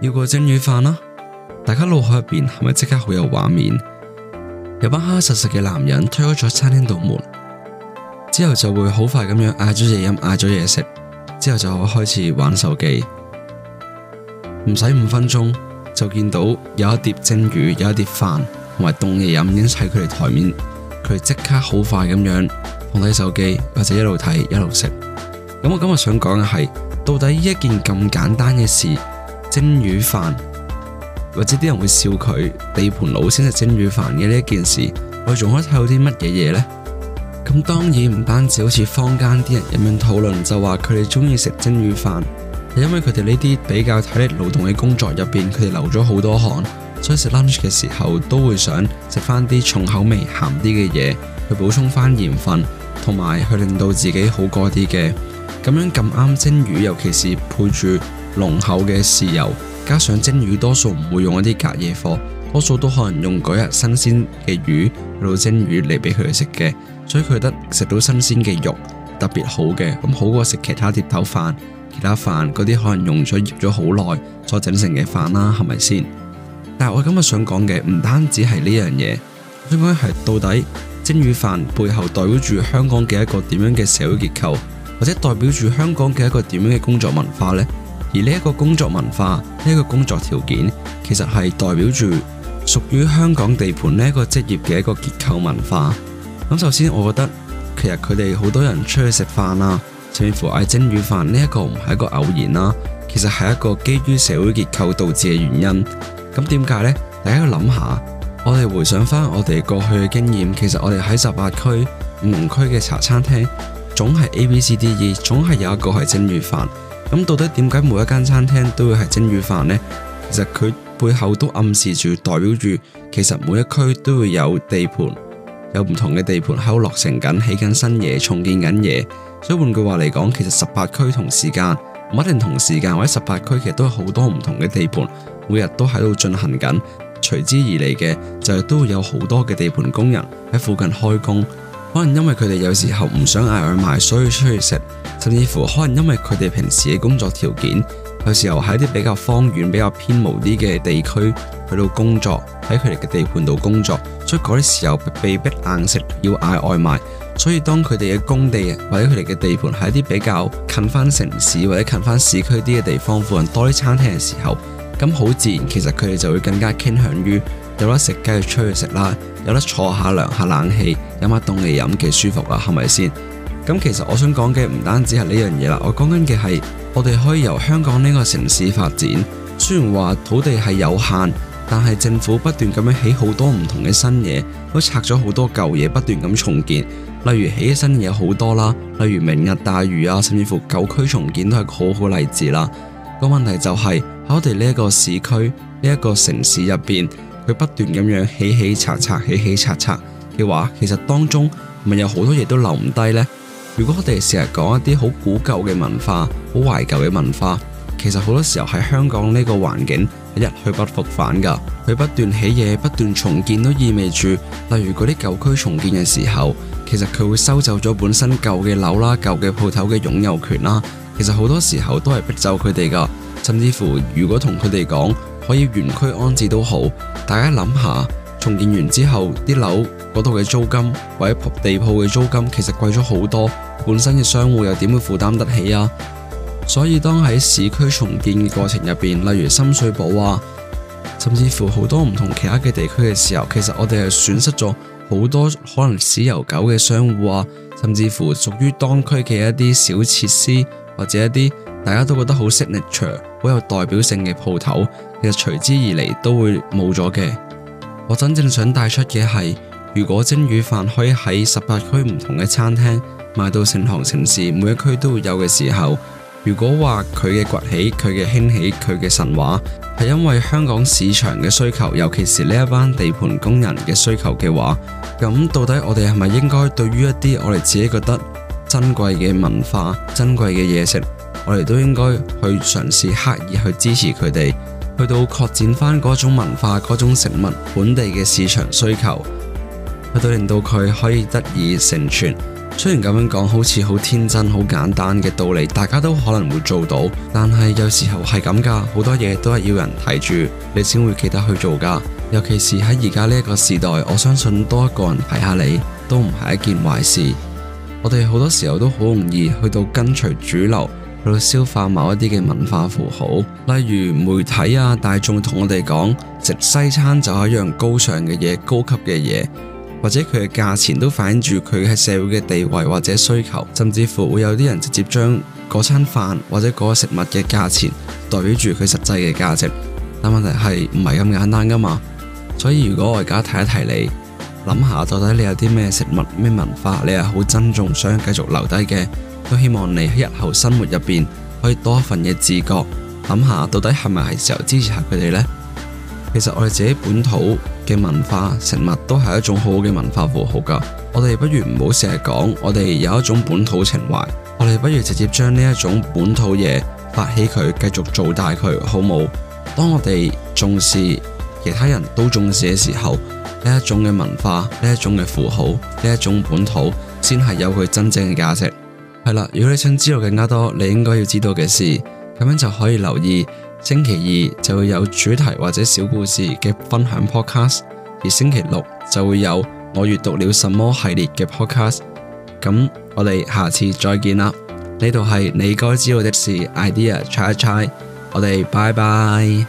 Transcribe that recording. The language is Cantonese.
要個蒸魚飯啦、啊，大家腦海入邊係咪即刻好有畫面？有班黑黑實實嘅男人推開咗餐廳度門之後，就會好快咁樣嗌咗嘢飲，嗌咗嘢食，之後就可開始玩手機，唔使五分鐘就見到有一碟蒸魚，有一碟飯同埋凍嘢飲已經喺佢哋台面，佢哋即刻好快咁樣放低手機，或者一路睇，一路食。咁我今日想講嘅係，到底一件咁簡單嘅事，蒸魚飯，或者啲人會笑佢地盤佬先食蒸魚飯嘅呢一件事，我哋仲可以睇到啲乜嘢嘢呢？咁當然唔單止好似坊間啲人咁樣討論，就話佢哋中意食蒸魚飯，係因為佢哋呢啲比較體力勞動嘅工作入邊，佢哋流咗好多汗，所以食 lunch 嘅時候都會想食翻啲重口味、鹹啲嘅嘢去補充翻鹽分，同埋去令到自己好過啲嘅。咁樣咁啱蒸魚，尤其是配住，濃厚嘅豉油，加上蒸魚，多數唔會用一啲隔夜貨，多數都可能用嗰日新鮮嘅魚，去到蒸魚嚟俾佢哋食嘅，所以佢覺得食到新鮮嘅肉，特別好嘅咁，好過食其他碟頭飯、其他飯嗰啲可能用咗醃咗好耐再整成嘅飯啦，係咪先？但係我今日想講嘅唔單止係呢樣嘢，應該係到底蒸魚飯背後代表住香港嘅一個點樣嘅社會結構，或者代表住香港嘅一個點樣嘅工作文化呢？而呢一個工作文化，呢、這、一個工作條件，其實係代表住屬於香港地盤呢一個職業嘅一個結構文化。咁首先，我覺得其實佢哋好多人出去食飯啊，甚至乎嗌蒸魚飯呢一、這個唔係一個偶然啦、啊，其實係一個基於社會結構導致嘅原因。咁點解呢？大家要諗下，我哋回想翻我哋過去嘅經驗，其實我哋喺十八區、五龍區嘅茶餐廳，總係 A、B、C、D、E，總係有一個係蒸魚飯。咁到底點解每一間餐廳都會係蒸魚飯呢？其實佢背後都暗示住代表住，其實每一區都會有地盤，有唔同嘅地盤喺度落成緊、起緊新嘢、重建緊嘢。所以換句話嚟講，其實十八區同時間唔一定同時間，或者十八區其實都有好多唔同嘅地盤，每日都喺度進行緊。隨之而嚟嘅就係都會有好多嘅地盤工人喺附近開工。可能因為佢哋有時候唔想嗌外賣，所以出去食。甚至乎可能因為佢哋平時嘅工作條件，有時候喺啲比較荒遠、比較偏無啲嘅地區去到工作，喺佢哋嘅地盤度工作，所以嗰啲時候被逼硬食要嗌外賣。所以當佢哋嘅工地或者佢哋嘅地盤喺啲比較近翻城市或者近翻市區啲嘅地方，附近多啲餐廳嘅時候，咁好自然，其實佢哋就會更加傾向於。有得食梗係出去食啦，有得坐下涼下冷氣，飲下凍嚟飲幾舒服啊，係咪先？咁其實我想講嘅唔單止係呢樣嘢啦，我講緊嘅係我哋可以由香港呢個城市發展。雖然話土地係有限，但係政府不斷咁樣起好多唔同嘅新嘢，都拆咗好多舊嘢，不斷咁重建。例如起新嘢好多啦，例如明日大嶼啊，甚至乎舊區重建都係好好例子啦。個問題就係、是、喺我哋呢一個市區呢一、這個城市入邊。佢不斷咁樣起起拆拆，起起拆拆嘅話，其實當中咪有好多嘢都留唔低呢？如果我哋成日講一啲好古舊嘅文化、好懷舊嘅文化，其實好多時候喺香港呢個環境一去不復返㗎。佢不斷起嘢，不斷重建，都意味住，例如嗰啲舊區重建嘅時候，其實佢會收走咗本身舊嘅樓啦、舊嘅鋪頭嘅擁有權啦。其實好多時候都係逼走佢哋㗎，甚至乎如果同佢哋講。可以園區安置都好，大家諗下重建完之後啲樓嗰度嘅租金或者地鋪嘅租金其實貴咗好多，本身嘅商戶又點會負擔得起啊？所以當喺市區重建嘅過程入邊，例如深水埗啊，甚至乎好多唔同其他嘅地區嘅時候，其實我哋係損失咗好多可能史悠久嘅商戶啊，甚至乎屬於當區嘅一啲小設施或者一啲。大家都覺得好 signature 好有代表性嘅鋪頭，其實隨之而嚟，都會冇咗嘅。我真正想帶出嘅係，如果蒸魚飯可以喺十八區唔同嘅餐廳賣到成行成市，每一區都會有嘅時候，如果話佢嘅崛起、佢嘅興起、佢嘅神話係因為香港市場嘅需求，尤其是呢一班地盤工人嘅需求嘅話，咁到底我哋係咪應該對於一啲我哋自己覺得珍貴嘅文化、珍貴嘅嘢食？我哋都應該去嘗試刻意去支持佢哋，去到擴展翻嗰種文化、嗰種食物、本地嘅市場需求，去到令到佢可以得以成全。雖然咁樣講，好似好天真、好簡單嘅道理，大家都可能會做到。但係有時候係咁噶，好多嘢都係要人睇住，你先會記得去做噶。尤其是喺而家呢一個時代，我相信多一個人睇下你，都唔係一件壞事。我哋好多時候都好容易去到跟隨主流。去到消化某一啲嘅文化符號，例如媒體啊、大眾同我哋講，食西餐就係一樣高尚嘅嘢、高級嘅嘢，或者佢嘅價錢都反映住佢係社會嘅地位或者需求，甚至乎會有啲人直接將嗰餐飯或者嗰個食物嘅價錢代表住佢實際嘅價值。但問題係唔係咁簡單㗎嘛？所以如果我而家提一提你，諗下到底你有啲咩食物、咩文化，你係好珍重想繼續留低嘅。都希望你喺日後生活入面可以多一份嘅自覺，諗下到底係咪係時候支持下佢哋呢？其實我哋自己本土嘅文化食物都係一種好好嘅文化符號噶。我哋不如唔好成日講，我哋有一種本土情懷，我哋不如直接將呢一種本土嘢發起佢，繼續做大佢，好冇？當我哋重視其他人都重視嘅時候，呢一種嘅文化，呢一種嘅符號，呢一種本土，先係有佢真正嘅價值。係啦，如果你想知道更加多你應該要知道嘅事，咁樣就可以留意星期二就會有主題或者小故事嘅分享 podcast，而星期六就會有我閱讀了什麼系列嘅 podcast。咁我哋下次再見啦，呢度係你該知道的事 idea try1try，我哋拜拜。